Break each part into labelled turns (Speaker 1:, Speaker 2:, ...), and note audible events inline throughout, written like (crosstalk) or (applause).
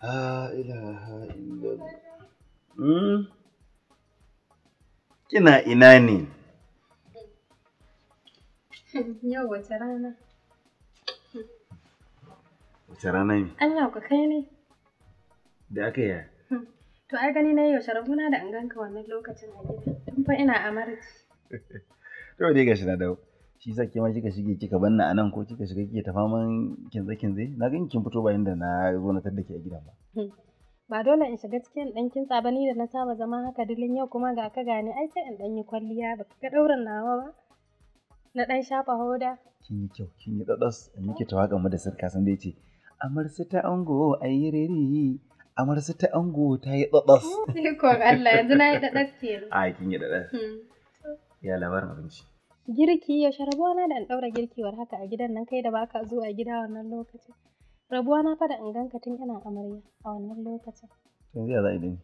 Speaker 1: ilaha illallah. Hmm? Kina ina ne?
Speaker 2: (laughs) Yau wace rana? Wace rana ne? An yau ka kai ne? Da aka yi (laughs) To ai gani na yaushe na da an ganka wannan lokacin a gida. Tun fa ina amarci.
Speaker 1: (laughs) To dai gashi na dawo. shi sa ke ma kika shige kika banna a nan ko kika shiga kike ta faman kinze kinze na ga kin fito bayan inda na zo na tadda ke a gidan ba
Speaker 2: hmm. ba dole in shiga cikin dan kintsa ba ni da na saba zama haka dilin yau kuma ga ka gane ai sai in dan yi kwalliya ba ka daurin nawa ba na dan shafa hoda
Speaker 1: kin yi kyau kin yi dadas in miki tawaka mu da sirka san da yace amarsu ta ango ayi amar amarsu ta ango ta yi dadas
Speaker 2: (laughs) ko Allah yanzu na yi dadas ke
Speaker 1: ai kin yi dadas hmm. ya labarin abinci
Speaker 2: girki yaushe rabuwana da in ɗaura girki war haka a gidan nan kai da baka zuwa gida wannan lokacin rabuwana fa da in ganka tun ina amarya a wannan lokacin
Speaker 1: yanzu ya za idan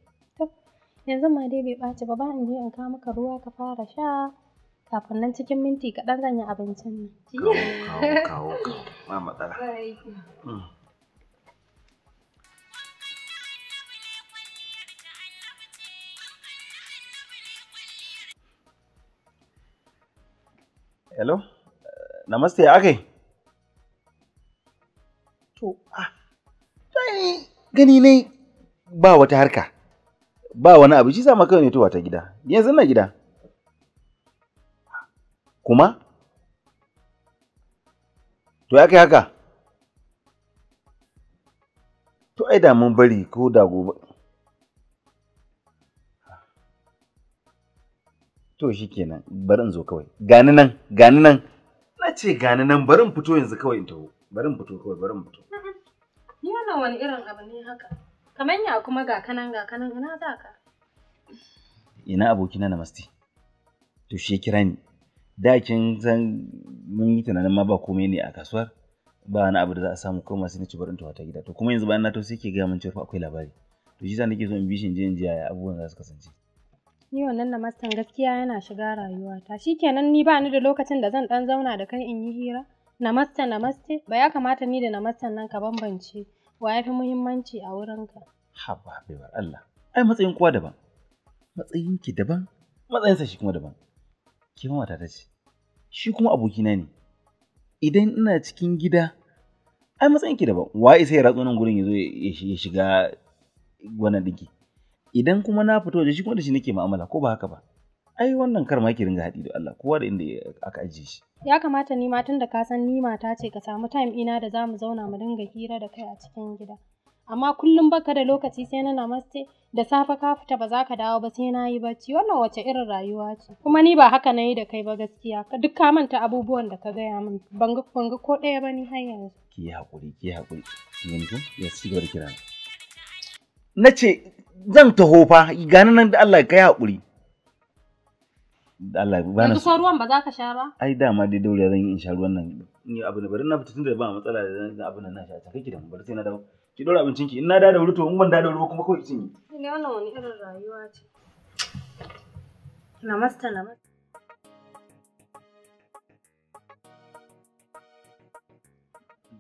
Speaker 2: yanzu ma dai bai ɓaci ba ba in je in kawo maka ruwa ka fara sha kafin nan cikin minti kaɗan zan yi abincin
Speaker 3: nan kawo kawo kawo ba matsala
Speaker 1: hello eh, namaste ya akai to ah gani ne ba wata harka ba wani abu shi sama kawai ne tuwa ta gida yanzu na gida kuma to ya kai haka to ai da mun bari ko da gobe to shi kenan bari in zo kawai gani nan gani nan na ce gani nan bari in fito yanzu kawai in taho bari in fito kawai bari in fito
Speaker 2: ni wannan wani irin abu ne haka kamar ya kuma ga kanan ga kanan ina za ka
Speaker 1: ina abokina namaste to shi kira ni da kin san mun yi tunanin ma ba komai ne a kasuwar ba wani abu da za a samu ko masu ne cibar ta gida to kuma yanzu bayan na to sai ke gaya mun cewa akwai labari to shi sa nake so in bi shi in je in ji abubuwan za su kasance
Speaker 2: Ni wannan namastan gaskiya yana shiga rayuwata. Shikenan ni bani da lokacin da zan ɗan zauna da kai in yi hira. Namaste namaste ba ya kamata ni da namastan nan ka bambance wa ya fi muhimmanci a wurinka.
Speaker 1: Haba haba Allah. Ai matsayin kowa daban. matsayin ki daban, matsayinsa shi kuma daban. Ke ma matata ce. Shi kuma abokina ne. Idan ina cikin gida ai matsayin ki daban. Wa isa ya ratso nan gurin ya zo ya shiga wannan ɗinki. idan kuma na fito da shi kuma da shi nake mu'amala ko ba haka ba ai wannan kar ma ki ringa haɗi da Allah kowa da inda aka ajiye shi
Speaker 2: ya kamata ni ma tun da ka san ni mata ce ka samu time ina da zamu zauna mu dinga hira da kai a cikin gida amma kullum baka da lokaci sai na namaste da safe ka fita ba za ka dawo ba sai na yi bacci wannan wace irin rayuwa ce kuma ni ba haka na yi da kai ba gaskiya duk ka manta abubuwan da ka gaya min ban ga ko ɗaya ba ni har yanzu
Speaker 1: ki hakuri, ki hakuri. yanzu ya ci gaba da kira na ce zan taho fa gani nan da Allah kai haƙuri Allah ba na so
Speaker 2: ruwan ba za ka sha ba
Speaker 1: ai dama dai daure zan yi in sha ruwan nan in yi abu da bari na fita tunda ba matsala da zan abu nan na sha ta kake da mu bari sai na dawo ki dora abincin ki in na da to in ban da da kuma kawai ki cinye
Speaker 2: ne wannan wani irin rayuwa ce namaste namaste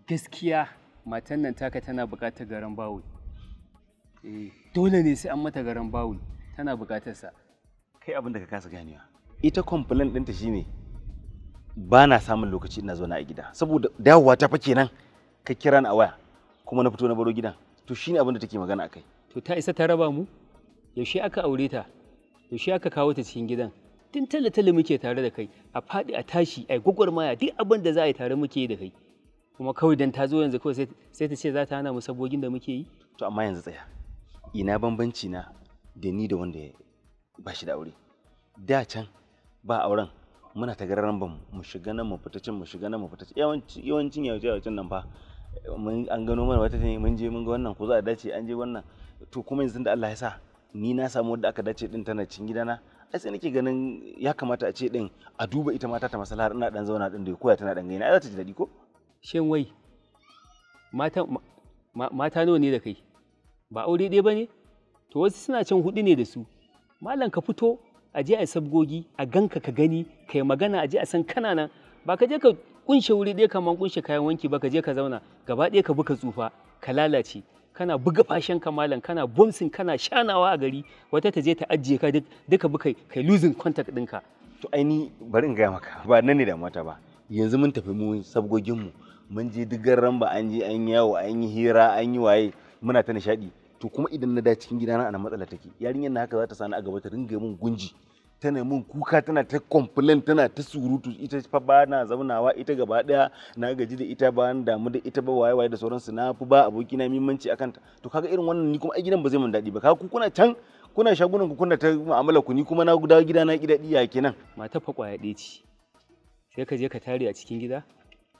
Speaker 4: gaskiya matan nan taka tana buƙatar garin bawo eh dole ne sai an mata garan bawul tana bukatar sa
Speaker 1: kai abin da ka kasa ganewa ita complaint ɗinta shine ba na samun lokaci ina zauna a gida saboda dawowa ta fa kenan ka kira ni a waya kuma na fito na baro gidan to shine abin da take magana akai to ta isa ta raba mu yaushe aka aure ta yaushe aka
Speaker 4: kawo ta cikin gidan tun talla-talla muke tare da kai a faɗi a tashi ai gwagwarmaya duk abin da za a yi tare muke da kai kuma kawai dan ta zo yanzu kawai sai ta ce za ta hana mu sabogin da muke yi
Speaker 1: to amma yanzu tsaya ina bambanci na da ni da wanda ba shi da aure da can ba auren muna ta gararan ban mu shiga nan mu fita can mu shiga nan mu fita yawancin yawancin yawancin nan fa mun an gano mana wata ne mun je mun ga wannan ko za a dace an je wannan to kuma yanzu da Allah ya sa ni na samu wanda aka dace din tana cin gidana ai sai nake ganin ya kamata a ce din a duba ita mata ta masalar ina dan zauna din da koya tana dan gaina ai za ta ji dadi ko shin wai mata
Speaker 4: mata nawa ne da kai ba aure ɗaya bane? to wasu suna can hudu ne da su malam ka fito a je a yi sabgogi a ganka ka gani kai magana a je a san kana nan ba ka je ka kunshe wuri ɗaya kamar kunshe kayan wanki ba ka je ka zauna gaba ɗaya ka buka tsufa ka lalace kana buga fashen ka malam kana bomsin kana shanawa a gari wata ta je ta ajiye ka duka buka
Speaker 1: kai losing contact ɗinka to aini bari in gaya maka ba nan ne da mata ba yanzu mun tafi mu sabgogin mun je duk garan ba an je an yawo an yi hira an yi waye muna ta nishaɗi to kuma idan na da cikin gidana ana matsala take yarinyar na haka za ta sani a gaba ta ringa min gunji tana mun kuka tana ta complain tana ta surutu ita fa ba na zaunawa ita gaba daya na gaji da ita ba na damu da ita ba waye waye da sauransu na fi ba aboki na mimanci akan ta to kaga irin wannan ni kuma a gidan ba zai mun daɗi ba kaga ku kuna can kuna shagunan ku kuna ta mu'amala ku ni kuma na gidana gida na gida diya kenan mata fa kwaya ɗaya ce sai ka je ka tare a cikin gida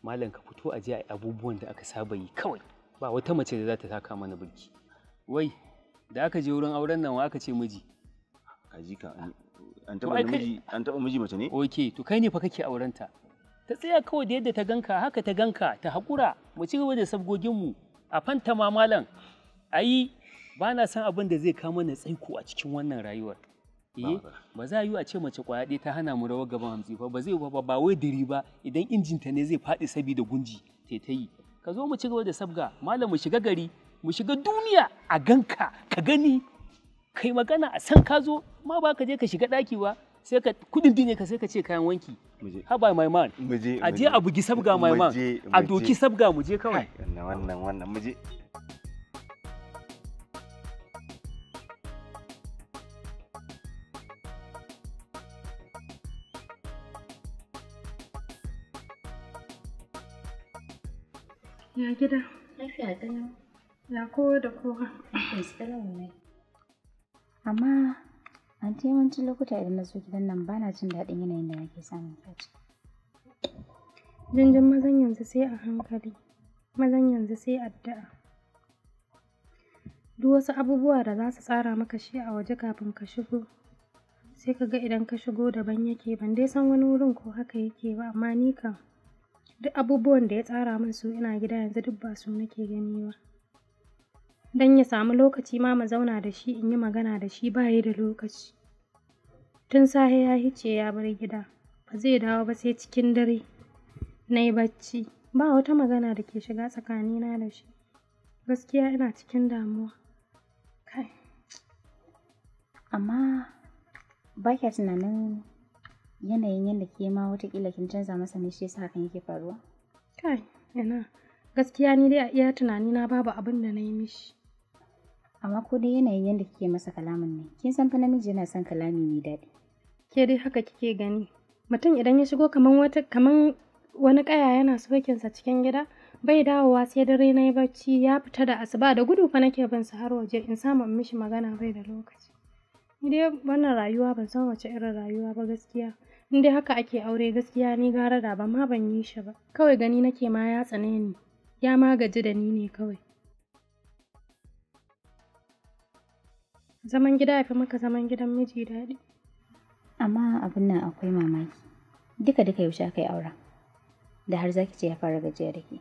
Speaker 4: malam ka fito a je a abubuwan da aka saba yi kawai ba wata mace da za ta taka mana birki wai da aka je wurin auren nan wa aka ce miji ji ka an taba miji an taba miji mace ne oke to kai ne fa kake aurenta ta tsaya kawai da yadda ta ganka haka ta ganka ta hakura mu ci gaba da sabgogin mu a fanta mamalan ayi ba na san abin da zai kama mana tsaiko a cikin wannan rayuwar eh ba za yi a ce mace kwaya ɗaya ta hana mu rawar gaban hamsi ba ba zai ba ba wai diri ba idan injinta ne zai faɗi sabida gunji ta yi ka zo mu ci gaba da sabga malam mu shiga gari mu shiga duniya a ganka ka gani kai magana a san ka zo ma ba ka je ka shiga ɗaki ba sai ka kudin dine ka sai ka ce kayan wanki haba mai man a je a bugi sabga mai man a doki sabga mu je kawai
Speaker 1: wannan wannan wannan mu je
Speaker 3: Ya gida. Lafiya ɗanin. Ya kowa da kowa. Lafiya su mai. Amma an taimaci yawancin lokuta idan na zo gidan nan ba na jin daɗin yanayin da nake samun kaci. Janjan mazan yanzu sai a hankali, mazan yanzu sai addu'a.
Speaker 2: Duk wasu abubuwa da za su tsara maka shi a waje kafin ka shigo, sai ka ga idan ka shigo daban yake ban dai san wani wurin ko haka yake ba amma ni kan duk abubuwan da ya tsara min su ina gida yanzu duk ba su nake gani ba don ya samu lokaci ma mu zauna da shi in yi magana da shi ba yi da lokaci tun sahe ya hice ya bar gida ba zai dawo ba sai cikin dare na yi bacci ba wata magana da ke shiga tsakanina da shi gaskiya ina cikin
Speaker 3: damuwa kai amma ba na tunanin yanayin yadda ke ma watakila kin canza masa ne shi yasa hakan yake faruwa kai ina gaskiya ni dai a iya tunani na babu abin da na yi mishi amma ko dai yanayin yadda kike masa kalamin ne kin san fa namiji yana son kalami mai daɗi ke dai haka kike gani mutum idan ya shigo kaman wata kaman wani kaya
Speaker 2: yana sa cikin gida bai dawowa sai dare na yi bacci ya fita da asuba da gudu fa nake bin sa har waje in samu mishi magana bai da lokaci dai wannan rayuwa ban san wace irin rayuwa ba gaskiya. In dai haka ake aure gaskiya ni gara da ba ma ban yi shi ba. Kawai gani nake ma ya tsane ni. Ya ma gaji da ni ne kawai. Zaman gida ya maka zaman gidan miji daɗi.
Speaker 3: Amma abin nan akwai mamaki. Duka duka yaushe aka yi auren. Da har zaki ce ya fara gajiya da ke.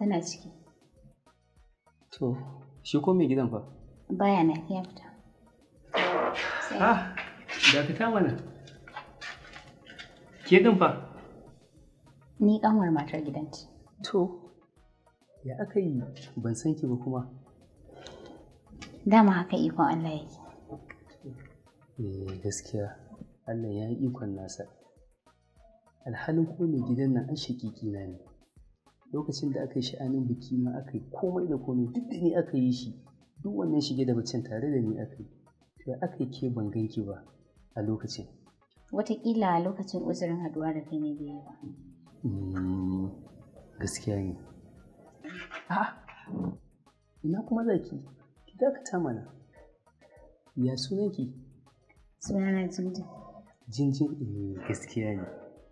Speaker 3: tana ciki.
Speaker 4: To, shi ko mai gidan fa?
Speaker 3: Baya na ya fita. Ah,
Speaker 4: da fita mana. Ke din fa?
Speaker 3: Ni ƙanwar matar gidan ce. To, ya aka yi
Speaker 4: ban san ki ba kuma.
Speaker 3: Dama haka ikon Allah yake.
Speaker 4: Eh gaskiya Allah ya yi ikon nasa. Alhalin ko mai gidan nan an shakiki na ne. lokacin da aka yi sha'anin biki ma aka yi komai da komai duk da ni aka yi shi duk wannan shige da bacin tare da ni aka yi to aka yi ke ban ganki ba a lokacin
Speaker 3: watakila a lokacin uzurin haduwa da kai ne bai yi ba
Speaker 4: hmm, gaskiya ne ah ina kuma zaki
Speaker 3: ki dakata mana
Speaker 4: ya sunanki
Speaker 3: sunana jinjin
Speaker 4: jinjin eh gaskiya ne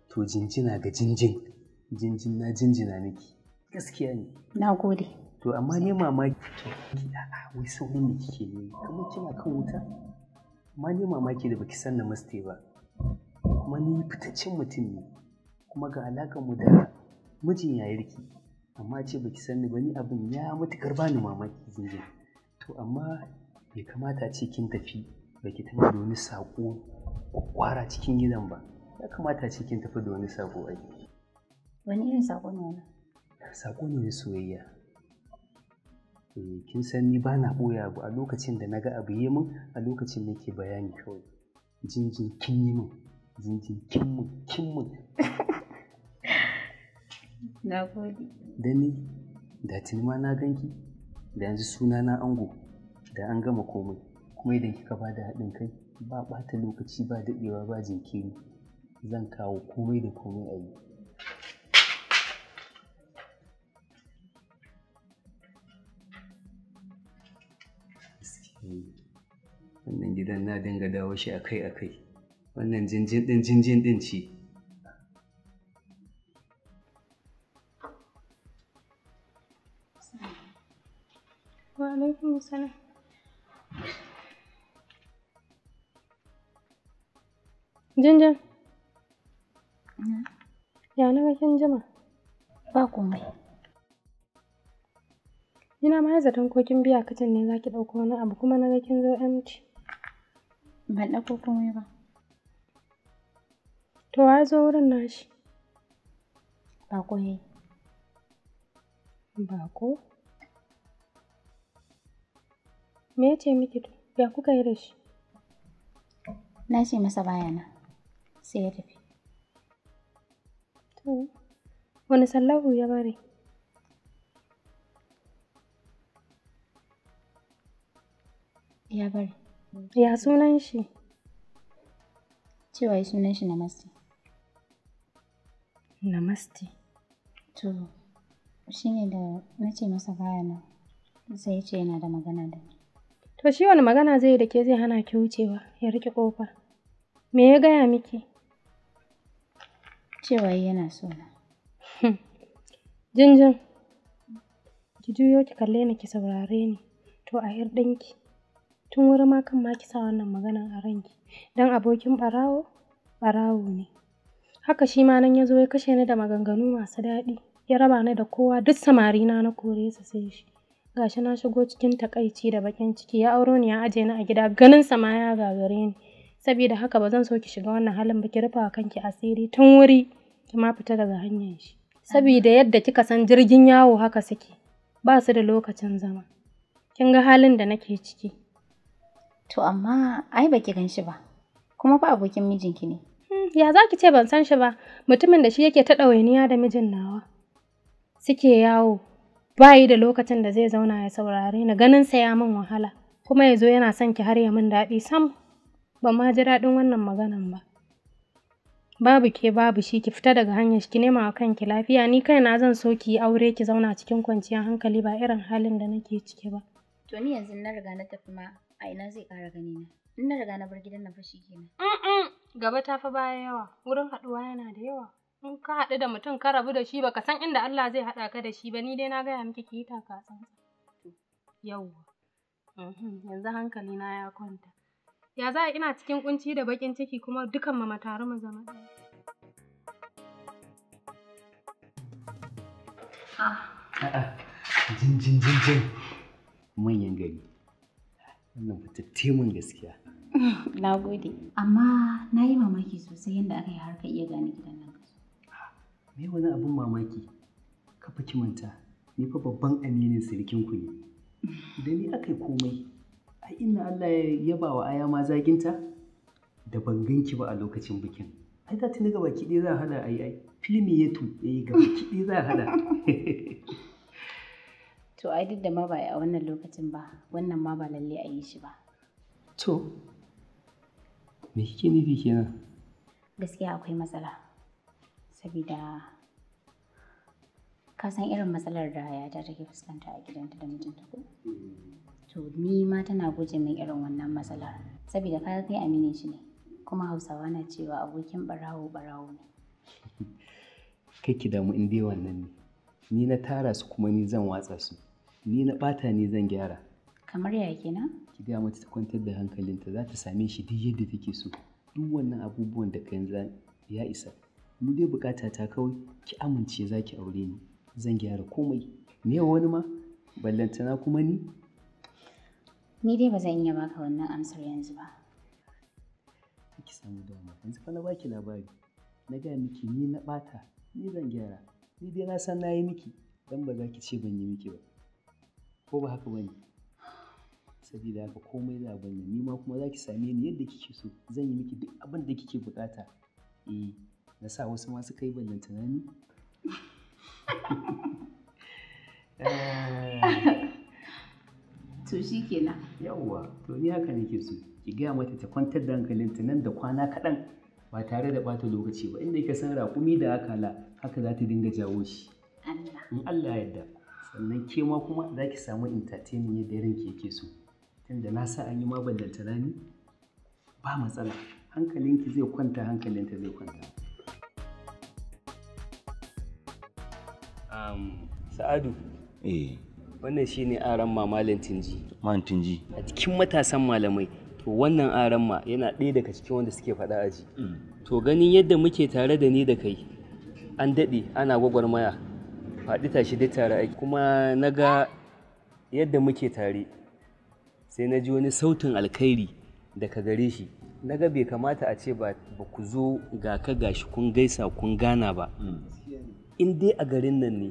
Speaker 4: to jinjina ga jinjin jinjin na jinjina miki gaskiya ne na gode to amma ne mamaki ki a'a wai saurin da kike ne kamar kina kan wuta amma ne mamaki da baki san na ba kuma ni fitaccen mutum ne kuma ga alakan mu da mijin yayarki amma ce baki san ni ba ni abin ya matukar bani mamaki jinjin to amma bai kamata ce kin tafi baki tafi da wani saƙo kwara cikin gidan ba ya kamata ce kin tafi da wani saƙo aiki
Speaker 3: Wani irin saƙo ne wannan
Speaker 4: Saƙo ne na soyayya. Eh, kin san ni ba na ɓoye abu a lokacin da na ga abu yi min a lokacin nake bayani kawai. Jinjin kin yi min, jinjin kin min, kin min. Na Da ni, da tuni ma na ganki, da yanzu suna na ango, da an gama komai. Kuma idan kika ba da haɗin kai, ba ɓata lokaci ba daɗewa ba jinkiri. Zan kawo komai da komai a yi. wannan gidan na dinga dawo shi akai-akai wannan jinjin din jinjin din ce
Speaker 2: jinjin ya na kin jima ba komai Ina ma ma zaton ko kin biya katin ne zaki dauko wani abu kuma na ga kin zo empty. Ban ɗauko komai ba. To wa zo wurin nashi? Bako ne. Bako? Me ya ce miki to? Ya kuka yi da shi?
Speaker 3: Na ce masa bayana. Sai ya tafi. To, wani sallahu ya bari? Ya bari. Ya sunan shi? Cewa ya sunan shi Namaste. Namaste. To, shi ne da na ce masa baya nan. Sai ya ce yana da magana da ni. To,
Speaker 2: shi wani magana zai da ke zai hana ki wucewa ya rike ƙofa. Me ya gaya miki?
Speaker 3: Cewa yana sona. Hmm.
Speaker 2: Jinjin, ki juyo ki kalle ni ki saurare ni. To, a yar ɗinki. Tun wuri ma kan ma ki sa wannan maganan a ranki. Don abokin ɓarawo, ɓarawo ne. Haka shi ma nan ya zo ya kashe ni da maganganu masu daɗi. Ya raba ni da kowa, duk samari na na kore su sai shi. Ga shi na shigo cikin taƙaici da bakin ciki. Ya auro ni ya aje ni a gida. sa ma ya gagare ni. Saboda haka ba zan so ki shiga wannan halin ba. Ki rufa wa kanki asiri tun wuri ki ma fita daga hanyar shi. Sabida yadda kika san jirgin yawo haka suke. Ba su da lokacin zama. Kin ga halin da nake ciki.
Speaker 3: To amma ai baki gan shi ba, kuma fa abokin mijinki ne.
Speaker 2: Hmm, ya za ki ce ban san shi ba, mutumin da shi yake ta ɗawainiya da mijin nawa. Suke yawo, bayi da lokacin da zai zauna ya saurare ni ganin sa ya min wahala, kuma ya zo yana son ki har ya min daɗi sam. Ban ma ji daɗin wannan maganan ba. Babu ke babu shi ki fita daga hanyar ki nema wa kanki lafiya ni kai na zan so ki yi aure ki zauna cikin kwanciyar hankali ba irin halin da nake ciki ba.
Speaker 3: To ni yanzu na riga na tafi ma A ina zai kara gani na? In na riga na bar gidan na fashi kenan. Gaba ta fa baya
Speaker 2: yawa, wurin haɗuwa yana da yawa. In ka haɗu da mutum ka rabu da shi baka san inda Allah zai haɗa ka da shi ba ni dai na gaya miki ki yi taka yau Yawwa. Mm-hmm, yanzu hankali na ya kwanta. Ya za ina cikin kunci da bakin ciki kuma dukan mu tare mu zama ɗaya.
Speaker 3: Ah. A'a.
Speaker 4: Jin jin jin jin. Manyan gari. Wannan gaskiya.
Speaker 3: (laughs) Na gode. Amma na yi mamaki sosai yadda aka yi harka iya gane gidan nan.
Speaker 4: Me wani abin mamaki? Ka fi manta, ni fa babban aminin sirikin ku ne. Da ni aka yi komai. Ai ina Allah ya yaba wa aya ma zaginta da ban ganki ba a lokacin bikin. Ai ta tuni gaba kiɗe za a hada ai ai. Filmi ya tu, gaba kiɗe za a hada. (laughs)
Speaker 3: To ai duk da ma ba a wannan lokacin ba, wannan ma ba lalle a yi shi ba.
Speaker 4: To, me kike nufi kenan?
Speaker 3: Gaskiya akwai matsala, sabida ka san irin matsalar da yata take fuskanta a gidanta da mijinta ko? Mm. To ni ma tana guje min irin wannan matsalar, sabida ka kai aminin shi ne, kuma Hausawa na cewa abokin barawo barawo ne.
Speaker 4: (laughs) Kai ki damu in dai wannan ne, ni na tara su kuma ni zan watsa su. ni na ɓata ni zan gyara
Speaker 3: kamar ya kenan
Speaker 4: ki ga mata ta kwantar da hankalinta za ta same shi duk yadda take so duk wannan abubuwan da kan ya isa mu dai bukata ta kawai ki amince za ki aure ni zan gyara komai me wani ma ballantana kuma ni
Speaker 3: ni dai ba zan iya baka wannan amsar yanzu ba
Speaker 4: ki samu dama yanzu fa na baki labari na gaya miki ni na bata ni zan gyara
Speaker 3: ni dai na san na yi miki
Speaker 4: dan ba za ki ce ban yi miki ba ko ba haka bane saboda haka komai za a bani ni ma kuma za ki same ni yadda kike so zan yi miki duk abin da kike bukata eh na sa wasu ma suka yi ballantana tunani to shi kenan yawwa to ni haka nake so ki gaya mata ta kwantar da hankalin nan da kwana kaɗan ba tare da bata lokaci ba inda ka san raƙumi da akala haka za ta dinga jawo shi in Allah ya yarda sannan ke ma kuma za ki samu entertaining yadda yaran ke ke so tunda na sa an yi maballanta rani ba matsala hankalinki zai kwanta hankalinta zai kwanta sa'adu eh wannan shine aran mamalin tinji
Speaker 1: man tinji a
Speaker 4: cikin matasan malamai to wannan aran ma yana ɗaya daga cikin wanda suke faɗa aji mm. to ganin yadda muke tare da ni da kai an daɗe ana gwagwarmaya faɗi tashi dai tare aiki kuma na ga yadda muke tare sai na ji wani sautin alkhairi daga gare shi na ga bai kamata a ce ba ku zo ga ka gashi kun gaisa kun gana ba in dai a garin nan ne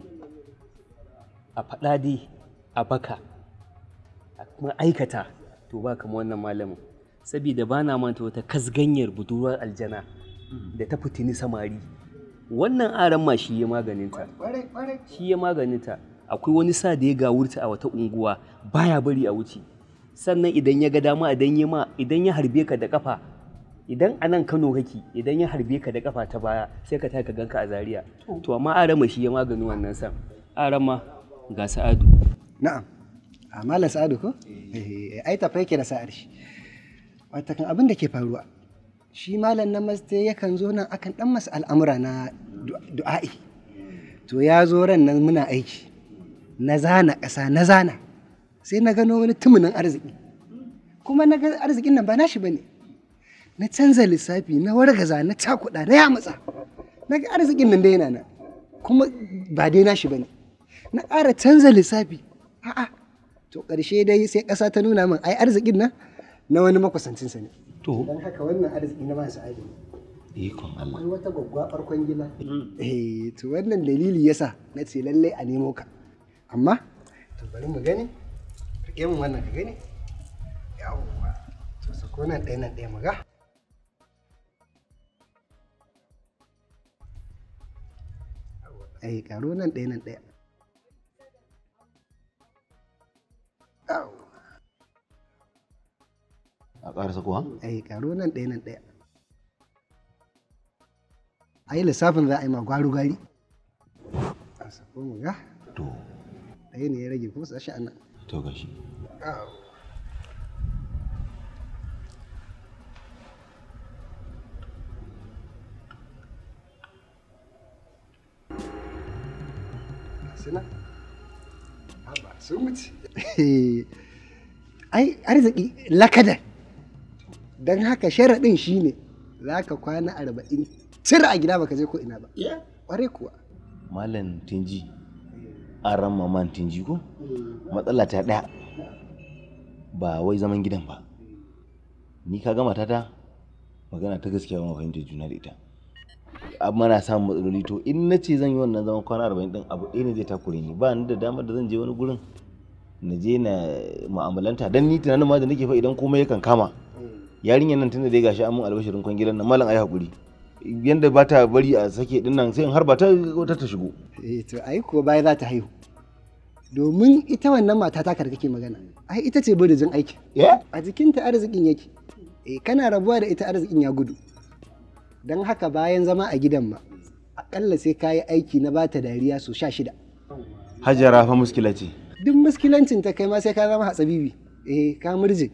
Speaker 4: a faɗa dai a baka a kuma aikata to ba kama wannan malamin saboda ba na manta wata kasganyar budurwar aljana da ta fitini samari wannan aran ma shi ya maganinta shi ya maganinta akwai wani sa da ya gawurta a wata unguwa baya bari a wuce sannan idan ya ga dama idan ya ma idan ya harbe ka da kafa idan anan Kano kake idan ya harbe ka da kafa ta baya sai ka taka ganka a Zaria to amma ma shi ya magani wannan san
Speaker 5: ma ga Sa'adu na'am a ah, Mallam Sa'adu ko eh, eh ai tafai ke da sa'ar shi wata kan abin da ke faruwa shi malam na masjid yakan zo nan akan dan masa al'amura na du'a'i to ya zo ran nan muna aiki na zana ƙasa na zana sai na gano wani tumunin arziki kuma na ga arzikin nan ba nashi bane na canza lissafi na wargaza na takuda na yamutsa na ga arzikin nan da yana na kuma ba dai nashi bane na ƙara canza lissafi a'a to ƙarshe dai sai ƙasa ta nuna min ai arzikin nan na wani makusancinsa ne to dan haka wannan arziki na masu ali ikon Allah Wai wata gwaggwabar kwangila hmm. eh to wannan dalili yasa na ce lallai a nemo ka amma to bari mu gani rike mu wannan ka gani yawwa to sako nan ɗaya nan ɗaya mu ga ai eh, karo nan ɗaya nan ɗaya a ƙara sakowa? eh karo nan ɗaya nan ɗaya a yi lissafin za a yi ma gwaru gari a sako mu ga to ɗaya ne ya rage ko sashi a nan to gashi sun wuce (laughs) ai arziki lakadar don haka sharaɗin shine za ka kwana arba'in cir a gida baka je ko ina ba
Speaker 1: ƙware kuwa malam tinji an ramma man tinji ko matsala ta ɗaya ba wai zaman gidan ba ni ka gama ta magana ta gaskiya ma fahimtar juna da ita a mana samun matsaloli to in na ce zan yi wannan zaman kwana arba'in din abu ɗaya ne zai takure ni ba ni da damar da zan je wani gurin na je na mu'amalanta don ni tunanin ma da nake fa idan komai yakan kama yarinyar nan tunda dai gashi amin albashirin kwangilan nan malam ayi hakuri yanda ba ta bari a sake din nan sai in har ba ta wata ta shigo eh to ai ko bai za ta haihu
Speaker 5: domin ita wannan mata ta da kake magana ai ita ce jin aiki eh? a jikinta arzikin yake eh kana rabuwa da ita arzikin ya gudu don haka bayan zama a gidan ma akalla sai kayi aiki na bata dariya so sha shida
Speaker 1: hajara fa muskila ce
Speaker 5: duk muskilancin ta kai ma sai ka zama hatsabibi eh ka murje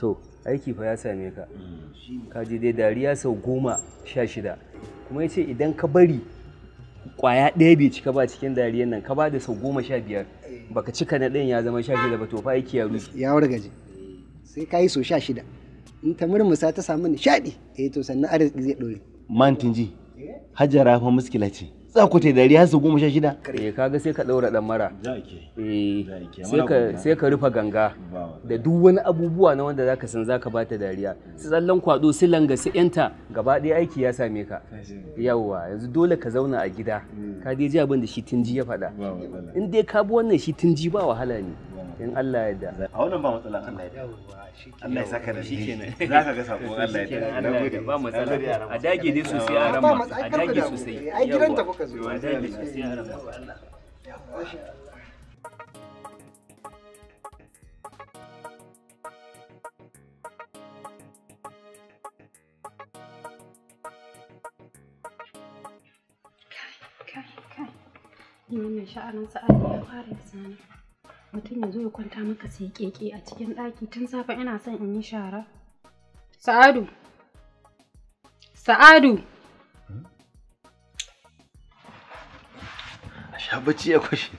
Speaker 4: to aiki fa ya same ka mm. ka je dai dariya sau goma sha shida kuma ya ce idan ka bari kwaya ɗaya bai cika ba cikin dariyar nan ka ba da sau goma sha biyar eh. baka cika na ɗayan ya zama sha shida ba to fa aiki ya rufe ya wargaje sai
Speaker 5: ka yi so sha shida in ta murmusa ta samu nishaɗi eh to sannan arziki zai ɗore
Speaker 1: mantin ji eh? hajjara fa muskila ce tsakuta da riya su goma sha shida
Speaker 4: eh kaga sai ka daura dan mara sai ka rufa ganga da duk wani abubuwa na wanda zaka san zaka bata dariya su tsallan kwado su langa su yanta gaba ɗaya aiki ya same ka yawa yanzu dole ka zauna a gida mm. ka je ji abin da shi tinji ya faɗa in dai ka bi wannan shi tinji ba wahala ne in Allah ya da. a wannan ba
Speaker 1: matsala Allah ya da. Allah ya saka da shi shikenan zaka ga sako Allah ya da. na gode ba matsala a dage dai sosai a rama a dage sosai ai gidanta kuka zo a dage sosai
Speaker 5: a rama Allah
Speaker 2: Kai, kai, kai. Ni wannan sha'anin sa'ad ya fara da sani. mutum ya zo ya kwanta maka sai keke a cikin ɗaki tun safe ina son in yi shara sa'adu sa'adu
Speaker 1: a sha bacci ya kwashe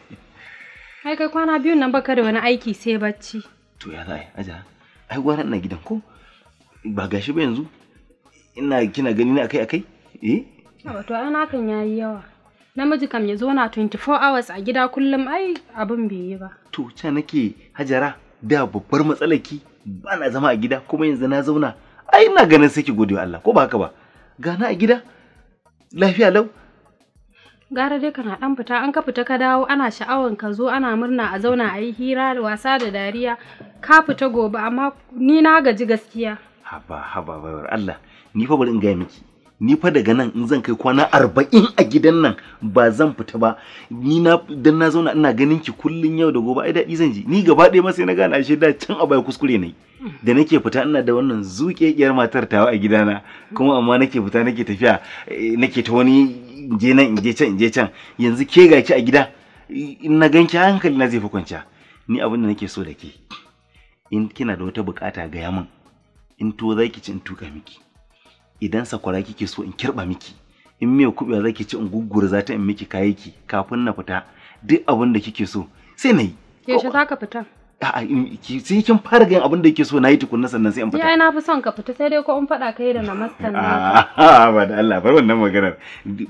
Speaker 2: ai kai kwana biyun nan baka da wani aiki sai bacci
Speaker 1: to ya za'a aja ai gwara ina gidan ko ba gashi ba yanzu ina kina gani na akai akai eh
Speaker 2: to ai kan yayi yawa namiji kam ya zauna 24 hours a gida kullum ai abin bai yi ba
Speaker 1: to ca nake hajara da babbar matsalar ki ba na zama a gida kuma yanzu na zauna ai ina ganin sai ki gode wa Allah ko ba haka ba gana a gida lafiya lau
Speaker 2: gara dai kana dan fita an ka fita ka dawo ana sha'awan ka zo ana murna a zauna a yi hira wasa da dariya ka fita gobe amma ni na gaji gaskiya
Speaker 1: haba haba bayar Allah ni fa bari in gaya miki ni fa daga nan in zan kai kwana arba'in a gidan nan ba zan fita ba ni na dan na zauna ina ganin ki kullun yau da gobe ai daɗi zan ji ni gaba ɗaya ma sai na gane ashe da can a baya kuskure ne da nake fita ina da wannan zuƙeƙiyar matar tawa a gidana kuma amma nake fita nake tafiya eh, nake ta wani je nan in je can in je can yanzu ke ga ki a gida in na ganki hankali na zai fi kwanciya ni abin da nake so da ke in kina da wata bukata gaya min in to zaki ci in tuka miki idan sakwara kike so in kirba miki in miya kubewa zaki ci in guggura za ta in miki kayaki kafin na fita duk abin da kike so sai na yi
Speaker 2: yaushe za ka fita
Speaker 1: a'a sai kin fara ga abin da kike so na yi tukunna sannan sai in fita. Ya
Speaker 2: na fi son ka fita sai dai ko in fada kai da namastan
Speaker 1: na. ba da Allah bar wannan maganar.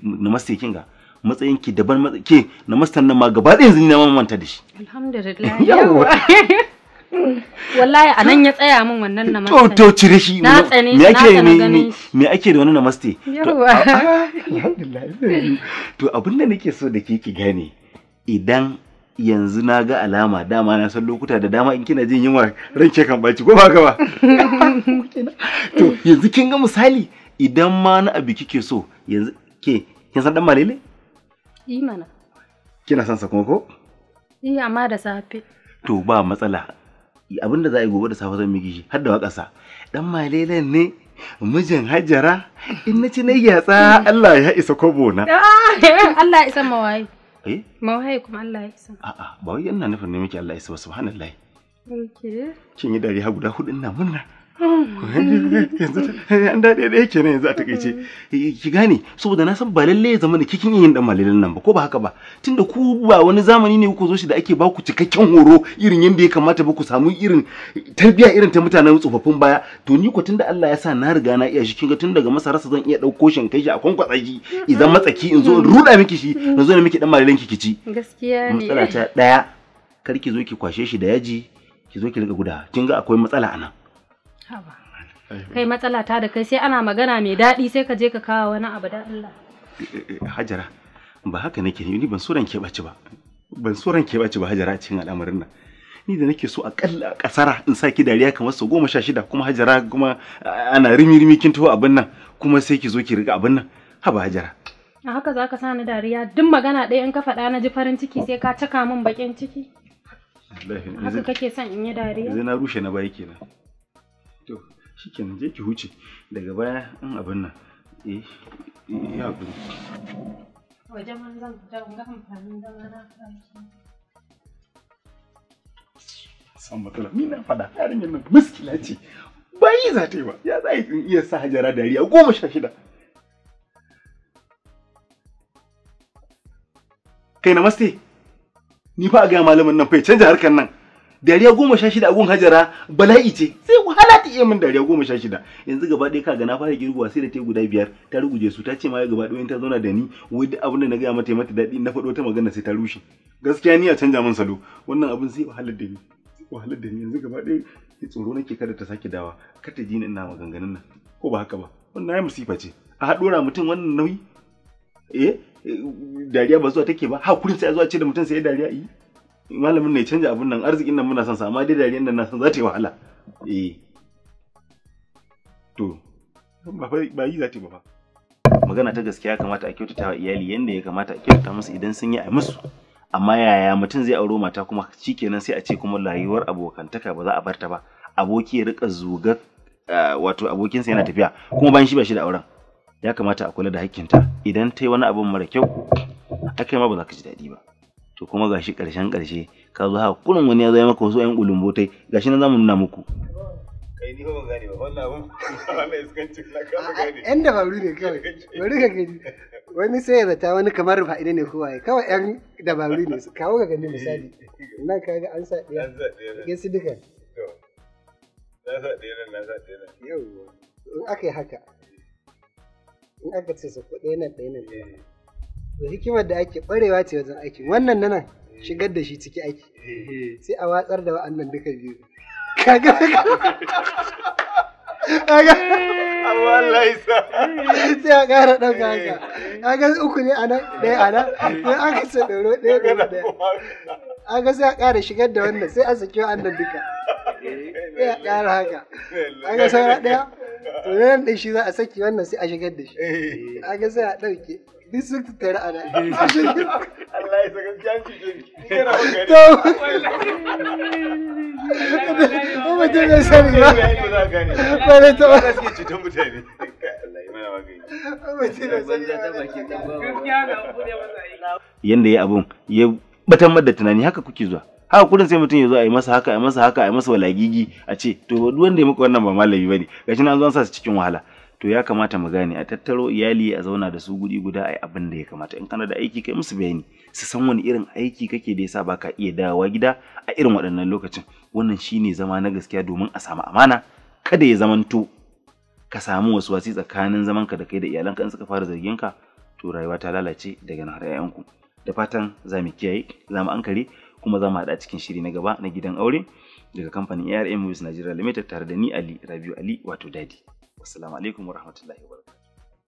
Speaker 1: Namaste kin ga matsayin ki daban matsayin ke namastan nan ma gaba ɗaya yanzu ni na manta da shi.
Speaker 2: Alhamdulillah. (laughs) Yawwa. (laughs) wallahi a nan ya tsaya min wannan namaste to to cire shi na tsane me ake me
Speaker 1: me ake da wannan namaste to abin da nake so da ke ki gane idan yanzu na ga alama dama na san lokuta da dama in kina jin yunwa ranke kan baci ko ba ka ba to yanzu kin ga misali idan ma na abu kike so yanzu ke kin san dan malele yi mana kina san sa kuma ko
Speaker 2: yi amma da safe
Speaker 1: to ba matsala abin da za a yi gobe da safe zan miki shi har da waƙarsa dan malelan ne mijin hajjara in na ci na yatsa Allah ya isa kobo na
Speaker 2: (laughs) Allah ya isa mawaye eh mawaye kuma Allah ya isa a'a
Speaker 1: ba wai yana nufin ne miki Allah ya isa subhanallahi
Speaker 2: subhanallahi
Speaker 1: kin yi dare ha guda hudu ina murna
Speaker 2: an
Speaker 1: daɗe ɗaya nan yanzu a takaice ki gane saboda na san ba lalle ya zama da kikin yin dan malilan nan ba ko ba haka ba tunda ku ba wani zamani ne kuka zo shi da ake baku cikakken horo irin yadda ya kamata ba ku samu irin tarbiyya irin ta mutanen tsofaffin baya to ni ko tunda Allah ya sa na riga na iya shi kinga tun daga masarasa zan iya ɗauko shin kai shi a kwankwatsa shi idan matsaki in zo in ruɗa miki shi na zo na miki dan malilan ki ci
Speaker 2: gaskiya ne matsala ta
Speaker 1: daya kar ki zo ki kwashe shi da yaji ki zo ki riga guda kinga akwai matsala anan Kai
Speaker 2: matsala ta da kai sai ana magana mai daɗi sai ka je ka kawo wani abu da Allah.
Speaker 1: Hajara, ba haka nake ni ban so ran keɓaci ba. Ban so ran keɓaci ba Hajara a cikin al'amarin nan. Ni da nake so a kasara in sa ki dariya kamar sau goma sha shida kuma Hajara kuma ana rimi-rimi kin taho abin nan kuma sai ki zo ki riga abin nan. Haba Hajara.
Speaker 2: A haka za ka sa ni dariya duk magana ɗaya in ka faɗa na ji farin ciki sai ka caka min baƙin ciki. Haka kake son in yi dariya? Yanzu
Speaker 1: na rushe na baya kenan. to shikenan je ki huce daga baya in abin nan eh eh hakuri
Speaker 2: wajen man zan fita ga amfanin zama na
Speaker 1: san matsala ni na fada yarinyar nan muskila ce ba yi za ta yi ba ya za yi iya sa hajara dariya goma sha shida kai namaste ni fa a gaya malamin nan fa ya canja harkar nan dariya goma sha shida a gun hajara bala'i ce sai wahala ta iya min dariya goma sha shida yanzu gaba ɗaya kaga na fara girguwa sai da ta guda biyar ta ruguje su ta ce ma gaba ɗaya ta zauna da ni wai duk abin da na gaya mata mata daɗi na faɗo ta magana sai ta rushe gaskiya ni a canja min salo wannan abin sai wahala da ni wahala da ni yanzu gaba ɗaya sai tsoro nake kada ta sake dawa kar ta ji ni ina maganganun nan ko ba haka ba wannan ya musifa ce a haɗora mutum wannan nauyi eh? eh dariya ba zuwa take ba hakurin sai a zuwa ce da mutum sai ya dariya yi eh. malamin ne canza abun nan arzikin nan muna son sa amma dai dariyar nan na san za ta yi wahala eh to ba yi za ta yi ba magana ta gaskiya kamata a kyautata wa iyali yanda ya kamata a kyautata musu idan sun yi a musu amma yaya mutum zai auro mata kuma shikenan sai a ce kuma rayuwar abokantaka ba za a barta ba aboki ya rika zuga eh, wato abokinsa yana tafiya kuma bayan shi ba shi da auren ya kamata a kula da hakkinta idan ta yi wani abin mara kyau haka ma ba za ka ji daɗi ba to kuma gashi karshen karshe ka zo haka kullum wani ya zai maka wasu 'yan ulumbotai gashi na zamu nuna muku kai ni ba wannan abun (laughs) wannan na dabaru ne kawai
Speaker 5: wani sai ya zata wani kamar ba ne kowa kawai ƴan dabaru ne kawo misali in aka yi in aka ce su kuɗe da hikimar da ake ƙwarewa ce wajen aiki wannan nan shigar da shi ciki aiki eh. sai a watsar da wa'annan duka biyu kaga kaga wallahi eh. sai a ƙara ɗauka haka kaga uku ne a nan ɗaya a anan sai aka sa ɗoro ɗaya ɗaya ɗaya aka sai a ƙara shigar da wannan sai a saki wa'annan duka sai a ƙara haka
Speaker 1: aka saura ɗaya
Speaker 5: to nan ɗin shi za a saki wannan sai a shigar da shi aka eh. sai a ɗauke a nan. ya saka Ko
Speaker 1: ya abun ya da tunani haka kuke zuwa. haka kudin sai mutum ya zo a yi masa haka a yi masa haka a yi masa walagigi a ce to duk wanda ya muku wannan ba malami ne, gashi na an sa cikin wahala to ya kamata mu gane a tattaro iyali a zauna da su guri guda a yi abin da ya kamata in kana da aiki kai musu bayani su san wani irin aiki kake da yasa baka iya dawowa gida a irin waɗannan lokacin wannan shine zama na gaskiya domin a samu amana kada ya zamanto ka samu wasu wasi tsakanin zamanka da kai da iyalanka in suka fara zargin ka to rayuwa ta lalace daga nan har 'ya'yanku da fatan za mu kiyaye za mu ankare kuma za mu haɗa cikin shiri na gaba na gidan aure daga kamfanin ARM Movies Nigeria Limited tare da ni Ali Rabiu Ali wato Dadi. Assalamu alaikum wa rahmatullahi wa